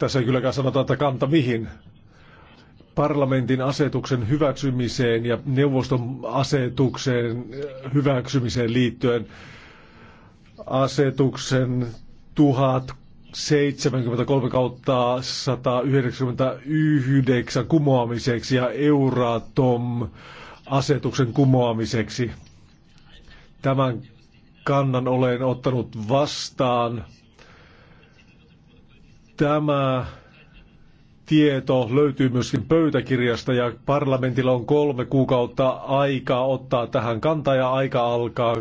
Tässä ei kylläkään sanota, että kanta mihin. Parlamentin asetuksen hyväksymiseen ja neuvoston asetukseen hyväksymiseen liittyen asetuksen 1073 kautta 199 kumoamiseksi ja Euratom asetuksen kumoamiseksi. Tämän kannan olen ottanut vastaan Tämä tieto löytyy myöskin pöytäkirjasta ja parlamentilla on kolme kuukautta aikaa ottaa tähän kantaa ja aika alkaa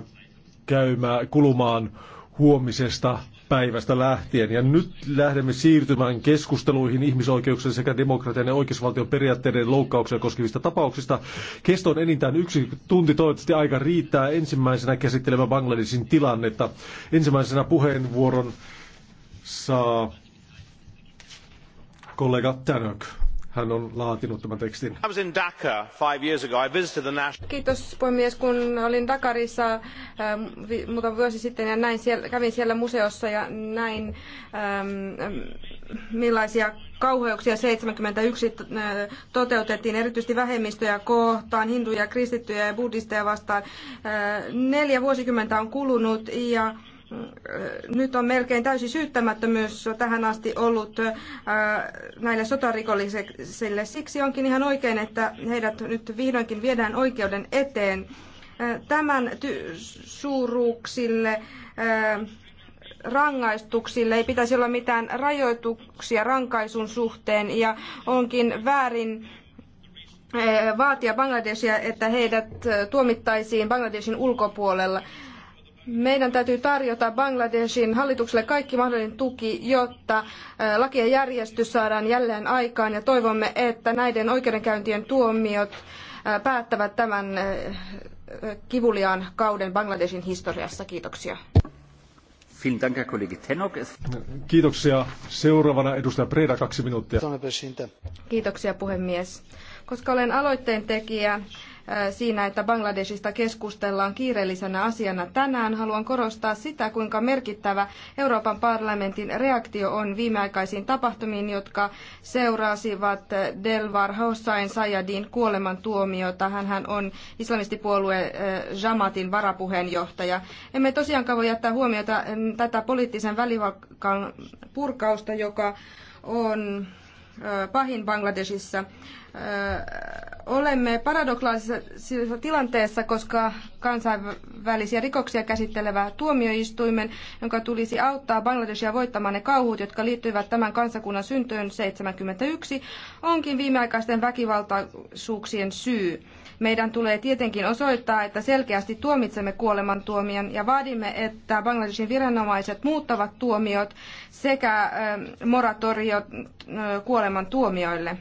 käymään kulumaan huomisesta päivästä lähtien. Ja nyt lähdemme siirtymään keskusteluihin ihmisoikeuksien sekä demokratian ja oikeusvaltion periaatteiden loukkauksia koskevista tapauksista. Kesto on enintään yksi tunti, toivottavasti aika riittää ensimmäisenä käsittelemään Bangladesin tilannetta. Ensimmäisenä puheenvuoron saa kollega Tanok. Hän on laatinut tämän tekstin. Kiitos puhemies, kun olin Dakarissa äh, muutama vuosi sitten ja näin siellä, kävin siellä museossa ja näin ähm, millaisia kauheuksia 71 äh, toteutettiin, erityisesti vähemmistöjä kohtaan, hinduja, kristittyjä ja buddhisteja vastaan. Äh, neljä vuosikymmentä on kulunut ja nyt on melkein täysi syyttämättömyys tähän asti ollut äh, näille sotarikollisille. Siksi onkin ihan oikein, että heidät nyt vihdoinkin viedään oikeuden eteen. Äh, tämän suuruuksille äh, rangaistuksille ei pitäisi olla mitään rajoituksia rankaisun suhteen ja onkin väärin vaatia Bangladesia, että heidät tuomittaisiin Bangladesin ulkopuolella. Meidän täytyy tarjota Bangladeshin hallitukselle kaikki mahdollinen tuki, jotta laki ja järjestys saadaan jälleen aikaan ja toivomme, että näiden oikeudenkäyntien tuomiot päättävät tämän kivuliaan kauden Bangladeshin historiassa. Kiitoksia. Kiitoksia. Seuraavana edustaja kaksi minuuttia. Kiitoksia puhemies. Koska olen aloitteen tekijä, siinä, että Bangladesista keskustellaan kiireellisenä asiana tänään. Haluan korostaa sitä, kuinka merkittävä Euroopan parlamentin reaktio on viimeaikaisiin tapahtumiin, jotka seurasivat Delvar Hossain Sayadin kuolemantuomiota. Hänhän on islamistipuolue Jamatin varapuheenjohtaja. Emme tosiaankaan voi jättää huomiota mm, tätä poliittisen välivakan purkausta, joka on pahin Bangladesissa. Olemme paradoksaalisessa tilanteessa, koska kansainvälisiä rikoksia käsittelevä tuomioistuimen, jonka tulisi auttaa Bangladesia voittamaan ne kauhut, jotka liittyvät tämän kansakunnan syntyyn 71, onkin viimeaikaisten väkivaltaisuuksien syy. Meidän tulee tietenkin osoittaa, että selkeästi tuomitsemme kuolemantuomion ja vaadimme, että Bangladeshin viranomaiset muuttavat tuomiot sekä moratoriot kuolemantuomioille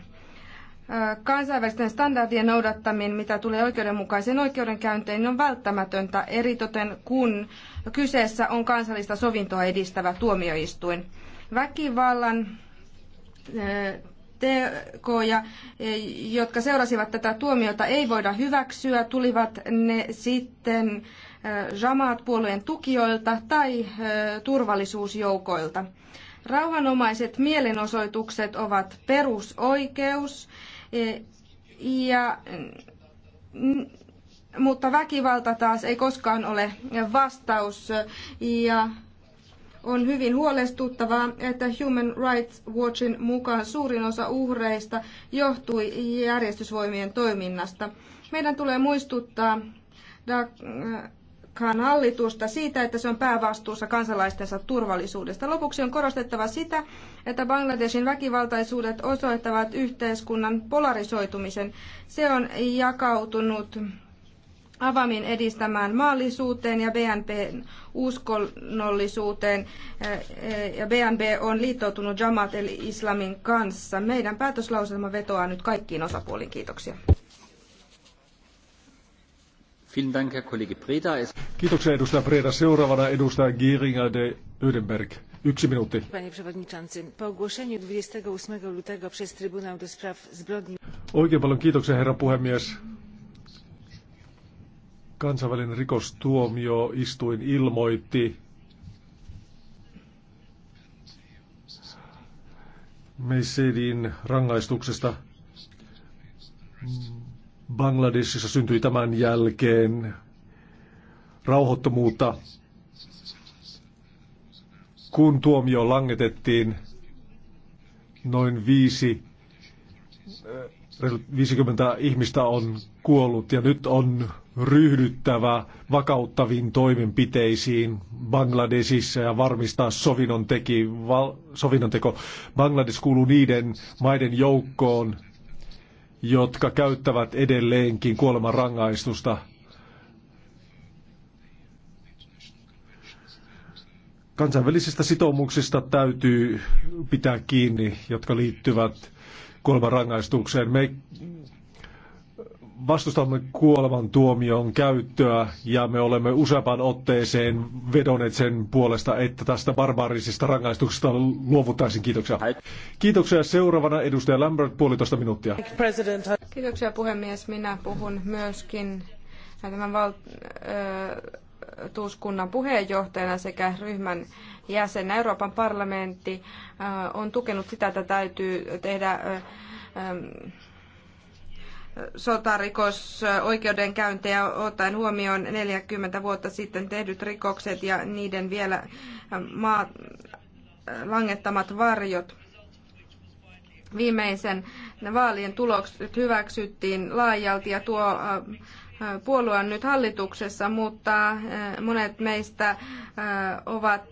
kansainvälisten standardien noudattaminen, mitä tulee oikeudenmukaiseen oikeudenkäynteihin, on välttämätöntä, eritoten kun kyseessä on kansallista sovintoa edistävä tuomioistuin. Väkivallan tekoja, e, jotka seurasivat tätä tuomiota, ei voida hyväksyä, tulivat ne sitten e, Jamaat-puolueen tukijoilta tai e, turvallisuusjoukoilta. Rauhanomaiset mielenosoitukset ovat perusoikeus, ja, mutta väkivalta taas ei koskaan ole vastaus. Ja on hyvin huolestuttavaa, että Human Rights Watchin mukaan suurin osa uhreista johtui järjestysvoimien toiminnasta. Meidän tulee muistuttaa Dakan hallitusta siitä, että se on päävastuussa kansalaistensa turvallisuudesta. Lopuksi on korostettava sitä, että Bangladeshin väkivaltaisuudet osoittavat yhteiskunnan polarisoitumisen. Se on jakautunut avamin edistämään maallisuuteen ja BNP uskonnollisuuteen ja BNB on liittoutunut Jamaat eli islamin kanssa. Meidän päätöslauselma vetoaa nyt kaikkiin osapuoliin. Kiitoksia. Kiitoksia edustaja Preda. Seuraavana edustaja Giringa de Ödenberg. Yksi minuutti. Oikein paljon kiitoksia herra puhemies. Kansainvälinen rikostuomioistuin ilmoitti Meisedin rangaistuksesta Bangladesissa syntyi tämän jälkeen rauhoittomuutta. Kun tuomio langetettiin, noin viisi, 50 eh, ihmistä on kuollut ja nyt on ryhdyttävä vakauttaviin toimenpiteisiin Bangladesissa ja varmistaa sovinnon, teki, val, sovinnon teko. Bangladesh kuuluu niiden maiden joukkoon, jotka käyttävät edelleenkin kuoleman rangaistusta. Kansainvälisistä sitoumuksista täytyy pitää kiinni, jotka liittyvät kuoleman rangaistukseen. Me vastustamme kuoleman tuomion käyttöä ja me olemme useampaan otteeseen vedoneet sen puolesta, että tästä barbaarisesta rangaistuksesta luovuttaisiin. Kiitoksia. Kiitoksia. Seuraavana edustaja Lambert, puolitoista minuuttia. Kiitoksia puhemies. Minä puhun myöskin tämän val- puheenjohtajana sekä ryhmän jäsenä. Euroopan parlamentti on tukenut sitä, että täytyy tehdä sotarikosoikeudenkäyntejä ottaen huomioon 40 vuotta sitten tehdyt rikokset ja niiden vielä maa, langettamat varjot. Viimeisen vaalien tulokset hyväksyttiin laajalti ja tuo puolue on nyt hallituksessa, mutta monet meistä ovat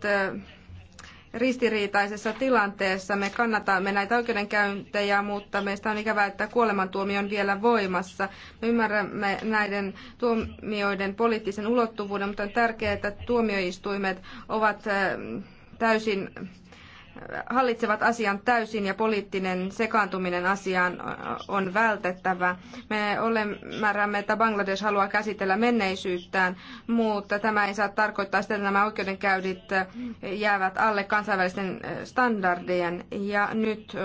ristiriitaisessa tilanteessa. Me kannatamme näitä oikeudenkäyntejä, mutta meistä on ikävää, että kuolemantuomio on vielä voimassa. Me ymmärrämme näiden tuomioiden poliittisen ulottuvuuden, mutta on tärkeää, että tuomioistuimet ovat eh, täysin hallitsevat asian täysin ja poliittinen sekaantuminen asiaan on vältettävä. Me olemme, että Bangladesh haluaa käsitellä menneisyyttään, mutta tämä ei saa tarkoittaa sitä, että nämä oikeudenkäynnit jäävät alle kansainvälisten standardien. Ja nyt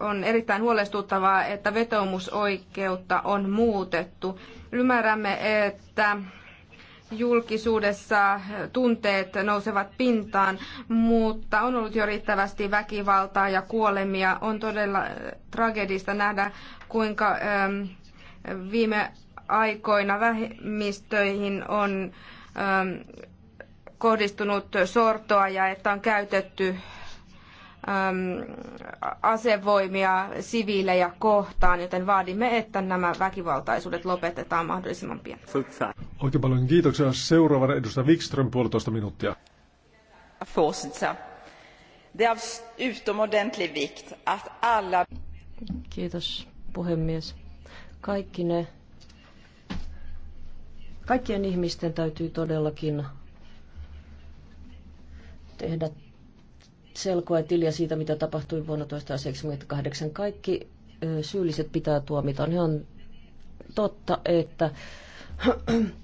on erittäin huolestuttavaa, että vetoomusoikeutta on muutettu. Ymmärrämme, että julkisuudessa tunteet nousevat pintaan, mutta on ollut jo riittävästi väkivaltaa ja kuolemia. On todella äh, tragedista nähdä, kuinka ähm, viime aikoina vähemmistöihin on ähm, kohdistunut sortoa ja että on käytetty asevoimia siviilejä kohtaan, joten vaadimme, että nämä väkivaltaisuudet lopetetaan mahdollisimman pian. Oikein paljon kiitoksia. seuraava, edustaja Wikström puolitoista minuuttia. alla... Kiitos puhemies. Kaikki ne, kaikkien ihmisten täytyy todellakin tehdä selkoa tiliä siitä, mitä tapahtui vuonna 1978. Kaikki syylliset pitää tuomita. On totta, että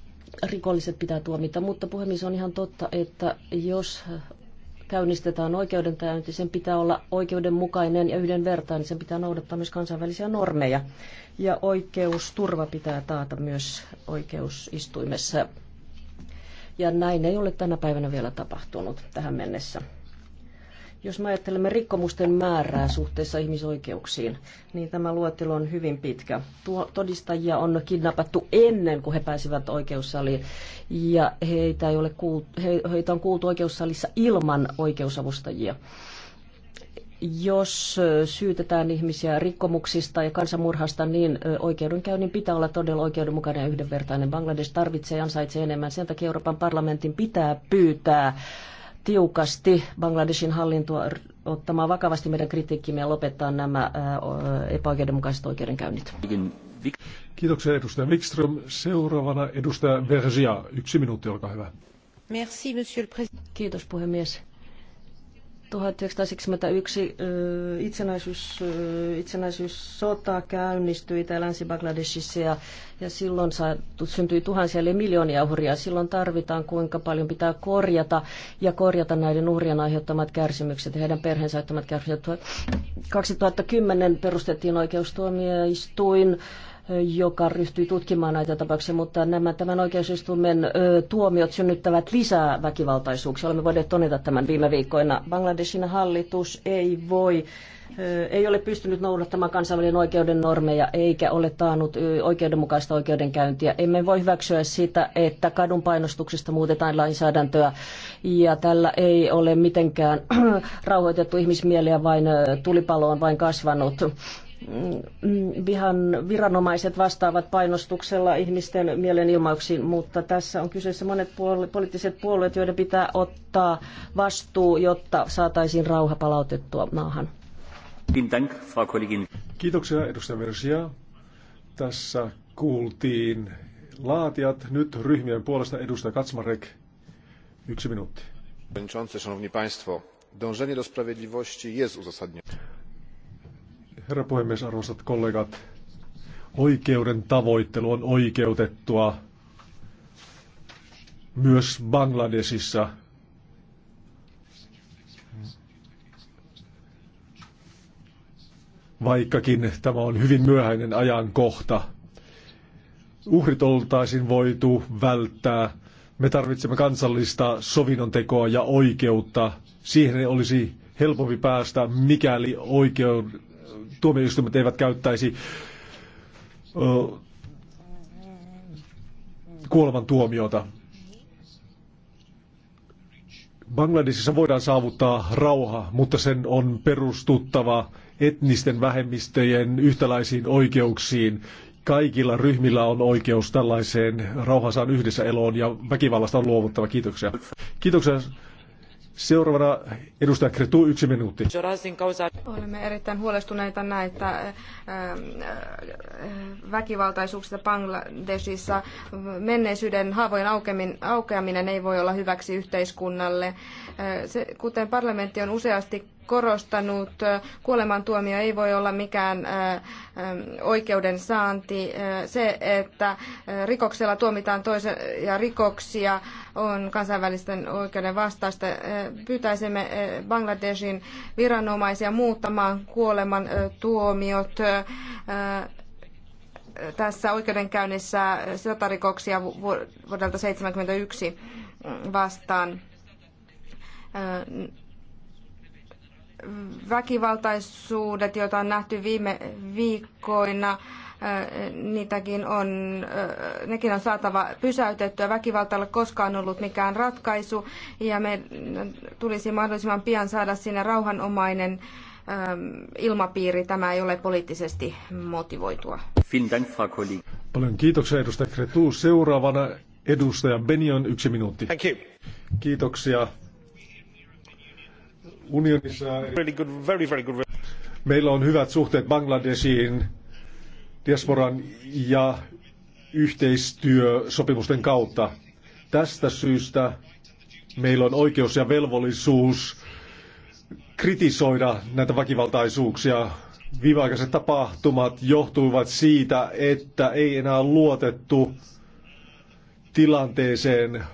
rikolliset pitää tuomita, mutta puhemies on ihan totta, että jos käynnistetään oikeudenkäynti, niin sen pitää olla oikeudenmukainen ja yhdenvertainen, sen pitää noudattaa myös kansainvälisiä normeja. Ja oikeusturva pitää taata myös oikeusistuimessa. Ja näin ei ole tänä päivänä vielä tapahtunut tähän mennessä. Jos me ajattelemme rikkomusten määrää suhteessa ihmisoikeuksiin, niin tämä luettelo on hyvin pitkä. Tuo, todistajia on kidnappattu ennen kuin he pääsivät oikeussaliin, ja heitä, ei ole kuultu, he, heitä on kuultu oikeussalissa ilman oikeusavustajia jos syytetään ihmisiä rikkomuksista ja kansanmurhasta, niin oikeudenkäynnin pitää olla todella oikeudenmukainen ja yhdenvertainen. Bangladesh tarvitsee ja ansaitsee enemmän. Sen takia Euroopan parlamentin pitää pyytää tiukasti Bangladeshin hallintoa ottamaan vakavasti meidän kritiikkimme ja lopettaa nämä epäoikeudenmukaiset oikeudenkäynnit. Kiitoksia edustaja Wikström. Seuraavana edustaja Vergia. Yksi minuutti, olkaa hyvä. Merci, monsieur le Kiitos puhemies 1971 itsenäisyys, itsenäisyyssotaa käynnistyi täällä Länsi-Bangladesissa ja, ja silloin saatu, syntyi tuhansia eli miljoonia uhria. Silloin tarvitaan, kuinka paljon pitää korjata ja korjata näiden uhrien aiheuttamat kärsimykset ja heidän perheensä aiheuttamat kärsimykset. 2010 perustettiin oikeustuomioistuin joka ryhtyi tutkimaan näitä tapauksia, mutta nämä tämän oikeusistuimen tuomiot synnyttävät lisää väkivaltaisuuksia. Olemme voineet todeta tämän viime viikkoina. Bangladesin hallitus ei voi ei ole pystynyt noudattamaan kansainvälisen oikeuden normeja eikä ole taannut oikeudenmukaista oikeudenkäyntiä. Emme voi hyväksyä sitä, että kadun painostuksesta muutetaan lainsäädäntöä ja tällä ei ole mitenkään rauhoitettu ihmismieliä, vain tulipalo on vain kasvanut. Mm, vihan viranomaiset vastaavat painostuksella ihmisten mielenilmauksiin, mutta tässä on kyseessä monet puole- poliittiset puolueet, joiden pitää ottaa vastuu, jotta saataisiin rauha palautettua maahan. Kiitoksia edustaja Versia. Tässä kuultiin laatijat. Nyt ryhmien puolesta edustaja Katsmarek. Yksi minuutti. Szanowni Państwo, dążenie do sprawiedliwości jest uzasadnione. Herra puhemies, arvoisat kollegat, oikeuden tavoittelu on oikeutettua myös Bangladesissa. Vaikkakin tämä on hyvin myöhäinen ajankohta. Uhrit oltaisiin voitu välttää. Me tarvitsemme kansallista sovinnontekoa ja oikeutta. Siihen olisi helpompi päästä, mikäli oikeuden tuomioistuimet eivät käyttäisi kuoleman tuomiota. Bangladesissa voidaan saavuttaa rauha, mutta sen on perustuttava etnisten vähemmistöjen yhtäläisiin oikeuksiin. Kaikilla ryhmillä on oikeus tällaiseen rauhansaan yhdessä eloon ja väkivallasta on luovuttava. Kiitoksia. Kiitoksia. Seuraavana edustaja Kretu, yksi minuutti. Olemme erittäin huolestuneita näitä väkivaltaisuuksista Bangladesissa. Menneisyyden haavojen aukeaminen ei voi olla hyväksi yhteiskunnalle. Kuten parlamentti on useasti korostanut, kuolemantuomio ei voi olla mikään oikeuden saanti. Se, että rikoksella tuomitaan ja rikoksia, on kansainvälisten oikeuden vastaista. Pyytäisimme Bangladeshin viranomaisia muuttamaan kuoleman tuomiot tässä oikeudenkäynnissä sotarikoksia vuodelta 1971 vastaan väkivaltaisuudet, joita on nähty viime viikkoina, niitäkin on, nekin on saatava pysäytettyä. Väkivalta ei ole koskaan ollut mikään ratkaisu ja me tulisi mahdollisimman pian saada sinne rauhanomainen ilmapiiri. Tämä ei ole poliittisesti motivoitua. Paljon kiitoksia edustaja Kretu. Seuraavana edustaja Benion yksi minuutti. Kiitoksia unionissa. Meillä on hyvät suhteet Bangladesiin, diasporan ja yhteistyösopimusten kautta. Tästä syystä meillä on oikeus ja velvollisuus kritisoida näitä väkivaltaisuuksia. Viimeaikaiset tapahtumat johtuivat siitä, että ei enää luotettu tilanteeseen.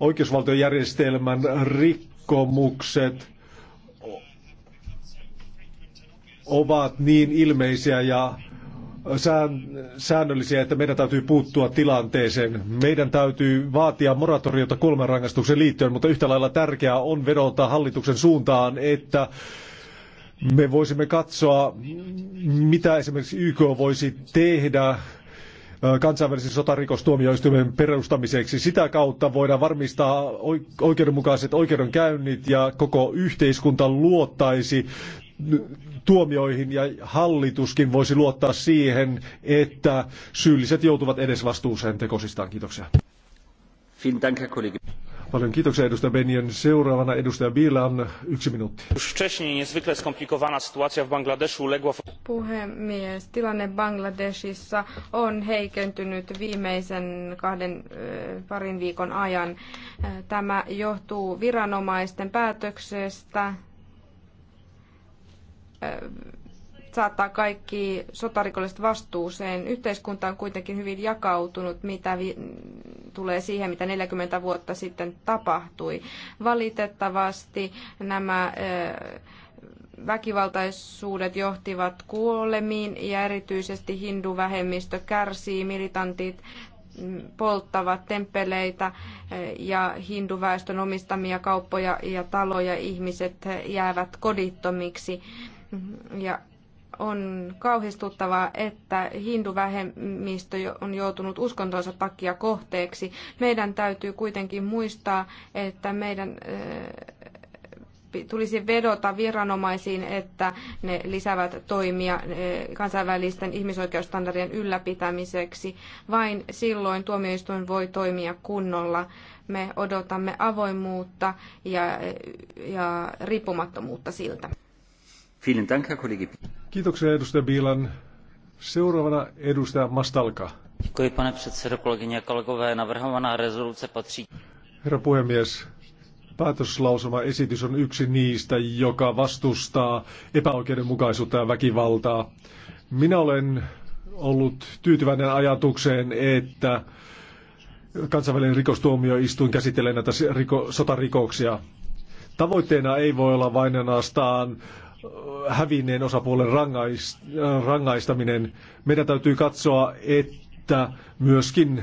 Oikeusvaltiojärjestelmän rikkomukset ovat niin ilmeisiä ja säännöllisiä, että meidän täytyy puuttua tilanteeseen. Meidän täytyy vaatia moratoriota rangaistuksen liittyen, mutta yhtä lailla tärkeää on vedota hallituksen suuntaan, että me voisimme katsoa, mitä esimerkiksi YK voisi tehdä kansainvälisen sotarikostuomioistuimen perustamiseksi. Sitä kautta voidaan varmistaa oikeudenmukaiset oikeudenkäynnit ja koko yhteiskunta luottaisi tuomioihin ja hallituskin voisi luottaa siihen, että syylliset joutuvat edes vastuuseen tekosistaan. Kiitoksia. Paljon kiitoksia edustaja Benjen. Seuraavana edustaja Bilan, yksi minuutti. Puhemies, tilanne Bangladesissa on heikentynyt viimeisen kahden parin viikon ajan. Tämä johtuu viranomaisten päätöksestä saattaa kaikki sotarikolliset vastuuseen. Yhteiskunta on kuitenkin hyvin jakautunut, mitä vi- tulee siihen, mitä 40 vuotta sitten tapahtui. Valitettavasti nämä ö, väkivaltaisuudet johtivat kuolemiin ja erityisesti hinduvähemmistö kärsii, militantit mm, polttavat temppeleitä ja hinduväestön omistamia kauppoja ja taloja ihmiset jäävät kodittomiksi Mm-hmm. Ja on kauhistuttavaa, että hinduvähemmistö on joutunut uskontonsa takia kohteeksi. Meidän täytyy kuitenkin muistaa, että meidän eh, tulisi vedota viranomaisiin, että ne lisäävät toimia eh, kansainvälisten ihmisoikeusstandardien ylläpitämiseksi. Vain silloin tuomioistuin voi toimia kunnolla. Me odotamme avoimuutta ja, eh, ja riippumattomuutta siltä. Kiitoksia edustaja Biilan. Seuraavana edustaja Mastalka. Děkuji, pane předsedo, kolegyně a kolegové. Navrhovaná rezoluce patří... Herra puhemies, päätöslausuma esitys on yksi niistä, joka vastustaa epäoikeudenmukaisuutta ja väkivaltaa. Minä olen ollut tyytyväinen ajatukseen, että kansainvälinen rikostuomioistuin käsittelee näitä riko, sotarikoksia. Tavoitteena ei voi olla vain ainoastaan hävinneen osapuolen rangais, rangaistaminen. Meidän täytyy katsoa, että myöskin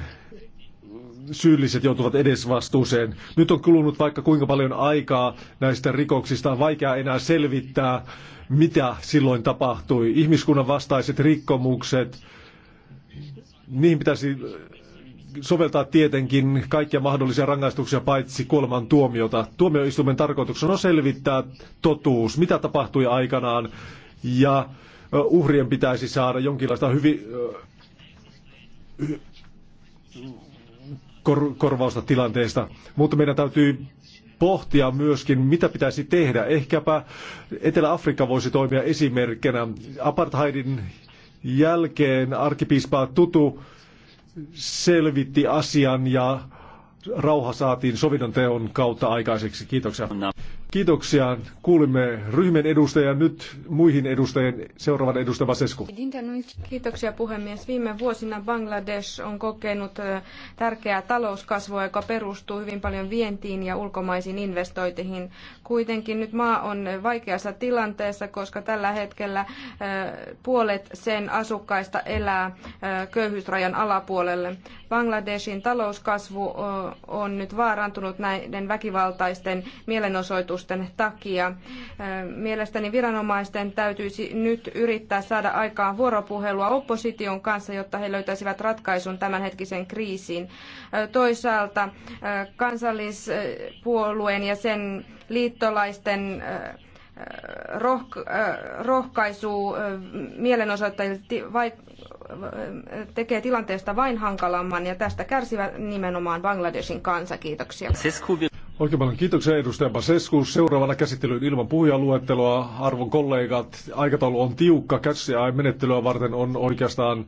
syylliset joutuvat edesvastuuseen. Nyt on kulunut vaikka kuinka paljon aikaa näistä rikoksista. On vaikea enää selvittää, mitä silloin tapahtui. Ihmiskunnan vastaiset rikkomukset, niihin pitäisi soveltaa tietenkin kaikkia mahdollisia rangaistuksia paitsi kuoleman tuomiota. Tuomioistuimen tarkoituksena on selvittää totuus, mitä tapahtui aikanaan ja uhrien pitäisi saada jonkinlaista hyvin kor, korvausta tilanteesta, mutta meidän täytyy pohtia myöskin, mitä pitäisi tehdä. Ehkäpä Etelä-Afrikka voisi toimia esimerkkinä. Apartheidin jälkeen arkipiispa Tutu selvitti asian ja rauha saatiin sovinnon teon kautta aikaiseksi. Kiitoksia. Kiitoksia. Kuulimme ryhmän edustajan nyt muihin edustajien. Seuraavan edustaja Vasesku. Kiitoksia puhemies. Viime vuosina Bangladesh on kokenut tärkeää talouskasvua, joka perustuu hyvin paljon vientiin ja ulkomaisiin investointeihin. Kuitenkin nyt maa on vaikeassa tilanteessa, koska tällä hetkellä puolet sen asukkaista elää köyhyysrajan alapuolelle. Bangladeshin talouskasvu on nyt vaarantunut näiden väkivaltaisten mielenosoitusten vaikutusten takia. Äh, mielestäni viranomaisten täytyisi nyt yrittää saada aikaan vuoropuhelua opposition kanssa, jotta he löytäisivät ratkaisun tämänhetkisen kriisiin. Äh, toisaalta äh, kansallispuolueen ja sen liittolaisten rohkaisu mielenosoittajille tekee tilanteesta vain hankalamman ja tästä kärsivät nimenomaan Bangladeshin kansa. Kiitoksia. Oikein paljon kiitoksia edustaja Basescu. Seuraavana käsittelyyn ilman puhujaluetteloa. Arvon kollegat, aikataulu on tiukka. Käsiä-menettelyä varten on oikeastaan äh,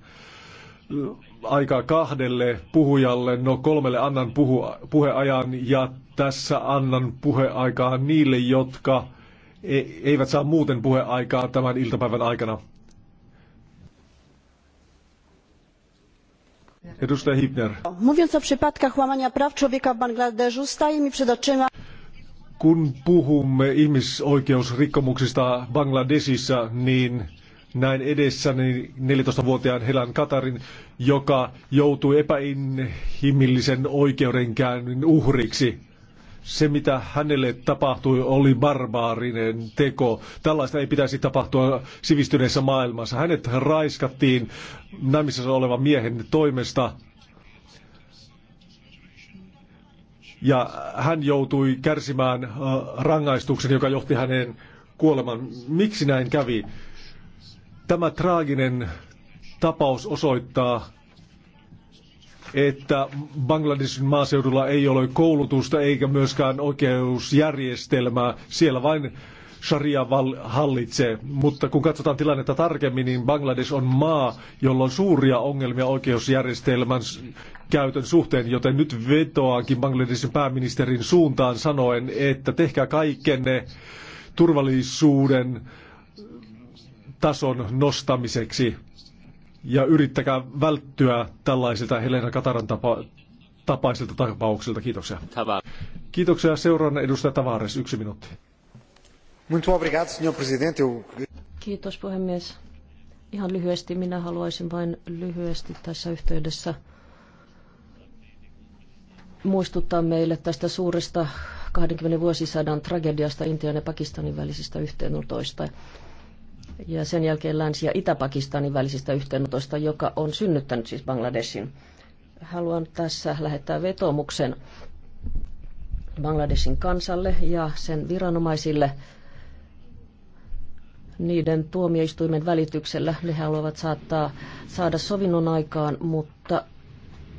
aikaa kahdelle puhujalle. No kolmelle annan puhu, puheajan ja tässä annan puheaikaa niille, jotka e, eivät saa muuten puheaikaa tämän iltapäivän aikana. Edustaja Hibner. Mówiąc o przypadkach łamania praw człowieka w Bangladeszu, staje mi przed oczyma... Kun puhumme ihmisoikeusrikkomuksista Bangladesissa, niin näin edessäni 14-vuotiaan Helan Katarin, joka joutui epäinhimillisen oikeudenkäynnin uhriksi se, mitä hänelle tapahtui, oli barbaarinen teko. Tällaista ei pitäisi tapahtua sivistyneessä maailmassa. Hänet raiskattiin naimisessa olevan miehen toimesta. Ja hän joutui kärsimään äh, rangaistuksen, joka johti hänen kuoleman. Miksi näin kävi? Tämä traaginen tapaus osoittaa, että Bangladesin maaseudulla ei ole koulutusta eikä myöskään oikeusjärjestelmää. Siellä vain sharia hallitsee. Mutta kun katsotaan tilannetta tarkemmin, niin Bangladesh on maa, jolla on suuria ongelmia oikeusjärjestelmän käytön suhteen, joten nyt vetoankin Bangladesin pääministerin suuntaan sanoen, että tehkää kaikkenne turvallisuuden tason nostamiseksi ja yrittäkää välttyä tällaisilta Helena Kataran tapa, tapaisilta tapauksilta. Kiitoksia. Tavaa. Kiitoksia. Seuraavana edustaja Tavares, yksi minuutti. Kiitos puhemies. Ihan lyhyesti, minä haluaisin vain lyhyesti tässä yhteydessä muistuttaa meille tästä suuresta 20 vuosisadan tragediasta Intian ja Pakistanin välisistä yhteenotoista ja sen jälkeen Länsi- ja Itä-Pakistanin välisistä yhteenotoista, joka on synnyttänyt siis Bangladesin. Haluan tässä lähettää vetomuksen Bangladesin kansalle ja sen viranomaisille niiden tuomioistuimen välityksellä. Ne haluavat saattaa, saada sovinnon aikaan, mutta,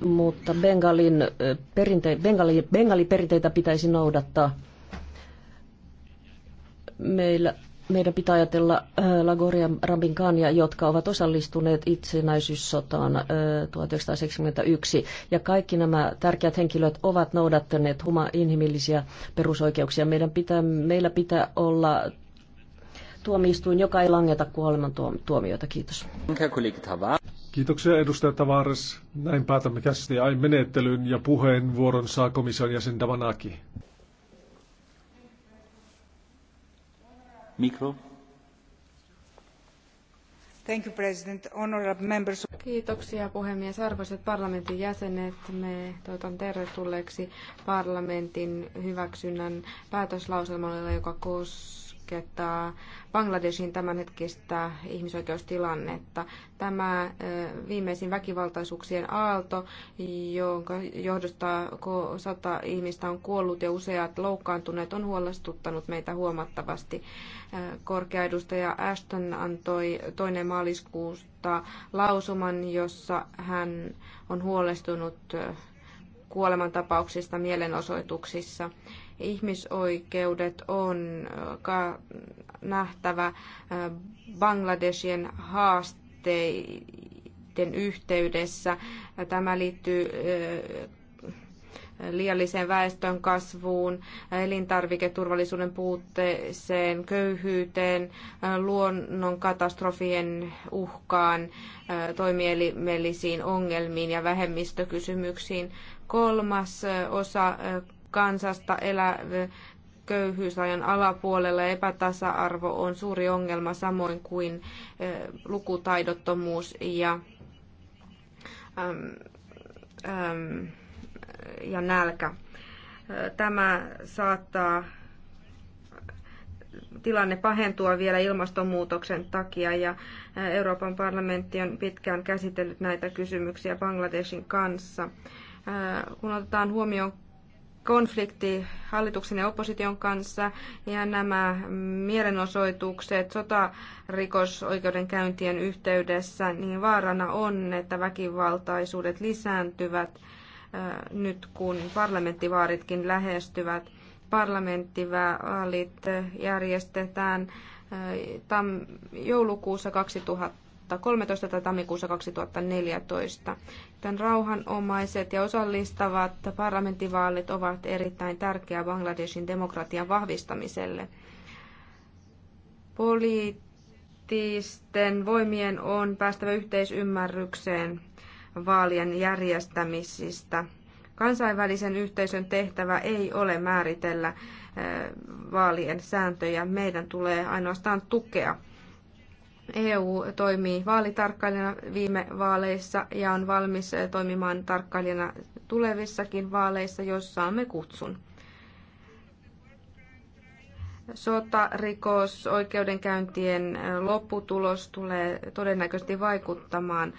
mutta Bengalin perinte, Bengali, Bengali perinteitä pitäisi noudattaa. Meillä meidän pitää ajatella Lagoria Rabinkania, jotka ovat osallistuneet itsenäisyyssotaan 1971. Ja kaikki nämä tärkeät henkilöt ovat noudattaneet huma inhimillisiä perusoikeuksia. Meidän pitää, meillä pitää olla tuomioistuin, joka ei langeta tuomioita. Kiitos. Kiitoksia edustaja Tavares. Näin päätämme käsittää menettelyn ja puheenvuoron saa komission jäsen Davanaki. Kiitoksia puhemies. Arvoisat parlamentin jäsenet, me toivotan tervetulleeksi parlamentin hyväksynnän päätöslauselmalle, joka koskee koskettaa Bangladeshin tämänhetkistä ihmisoikeustilannetta. Tämä viimeisin väkivaltaisuuksien aalto, jonka johdosta sata ihmistä on kuollut ja useat loukkaantuneet, on huolestuttanut meitä huomattavasti. Korkea edustaja Ashton antoi toinen maaliskuusta lausuman, jossa hän on huolestunut kuolemantapauksista mielenosoituksissa. Ihmisoikeudet on äh, nähtävä äh, Bangladesien haasteiden yhteydessä. Tämä liittyy äh, liialliseen väestön kasvuun, elintarviketurvallisuuden puutteeseen, köyhyyteen, luonnon katastrofien uhkaan, toimielimellisiin ongelmiin ja vähemmistökysymyksiin. Kolmas osa kansasta elää köyhyysrajan alapuolella ja epätasa-arvo on suuri ongelma, samoin kuin lukutaidottomuus ja, äm, äm, ja nälkä. Tämä saattaa tilanne pahentua vielä ilmastonmuutoksen takia ja Euroopan parlamentti on pitkään käsitellyt näitä kysymyksiä Bangladeshin kanssa. Kun otetaan huomioon konflikti hallituksen ja opposition kanssa ja nämä mielenosoitukset sotarikosoikeudenkäyntien yhteydessä, niin vaarana on, että väkivaltaisuudet lisääntyvät nyt kun parlamenttivaaritkin lähestyvät. Parlamenttivaalit järjestetään tam- joulukuussa 2000 2013 tai tammikuussa 2014. Tämän rauhanomaiset ja osallistavat parlamenttivaalit ovat erittäin tärkeä Bangladeshin demokratian vahvistamiselle. Poliittisten voimien on päästävä yhteisymmärrykseen vaalien järjestämisistä. Kansainvälisen yhteisön tehtävä ei ole määritellä eh, vaalien sääntöjä. Meidän tulee ainoastaan tukea EU toimii vaalitarkkailijana viime vaaleissa ja on valmis toimimaan tarkkailijana tulevissakin vaaleissa, jos saamme kutsun sotarikosoikeudenkäyntien oikeudenkäyntien lopputulos tulee todennäköisesti vaikuttamaan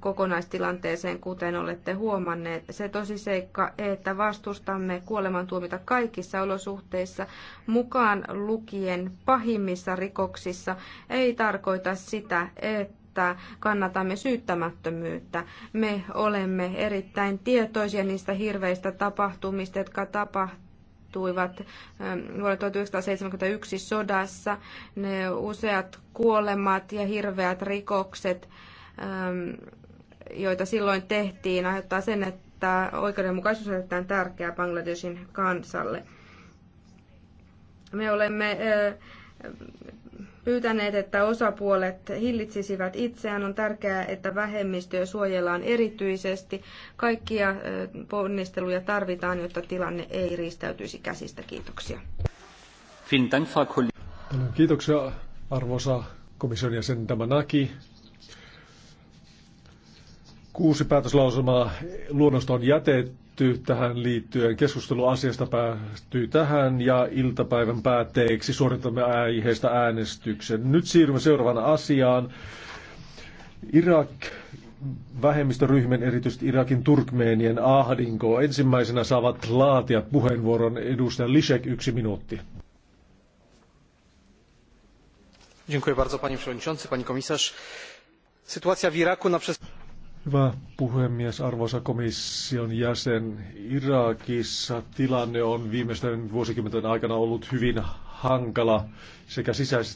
kokonaistilanteeseen, kuten olette huomanneet. Se tosiseikka, että vastustamme kuolemantuomita kaikissa olosuhteissa, mukaan lukien pahimmissa rikoksissa, ei tarkoita sitä, että että kannatamme syyttämättömyyttä. Me olemme erittäin tietoisia niistä hirveistä tapahtumista, jotka tapahtuvat tapahtuivat ähm, vuonna 1971 sodassa. Ne useat kuolemat ja hirveät rikokset, ähm, joita silloin tehtiin, aiheuttaa sen, että oikeudenmukaisuus on erittäin tärkeää Bangladesin kansalle. Me olemme äh, pyytäneet, että osapuolet hillitsisivät itseään. On tärkeää, että vähemmistöä suojellaan erityisesti. Kaikkia ponnisteluja tarvitaan, jotta tilanne ei riistäytyisi käsistä. Kiitoksia. Kiitoksia arvoisa komission jäsen Damanaki. Kuusi päätöslausumaa luonnosta on jätetty tähän liittyen. Keskustelu asiasta päättyy tähän ja iltapäivän päätteeksi suoritamme aiheesta äänestyksen. Nyt siirrymme seuraavaan asiaan. Irak vähemmistöryhmän, erityisesti Irakin turkmeenien ahdinko. Ensimmäisenä saavat laatiat puheenvuoron edustaja Lisek yksi minuutti. Dziękuję bardzo panie przewodniczący, pani komisarz. Sytuacja w Iraku na przestrzeni Hyvä puhemies, arvoisa komission jäsen. Irakissa tilanne on viimeisten vuosikymmenten aikana ollut hyvin hankala sekä sisäisesti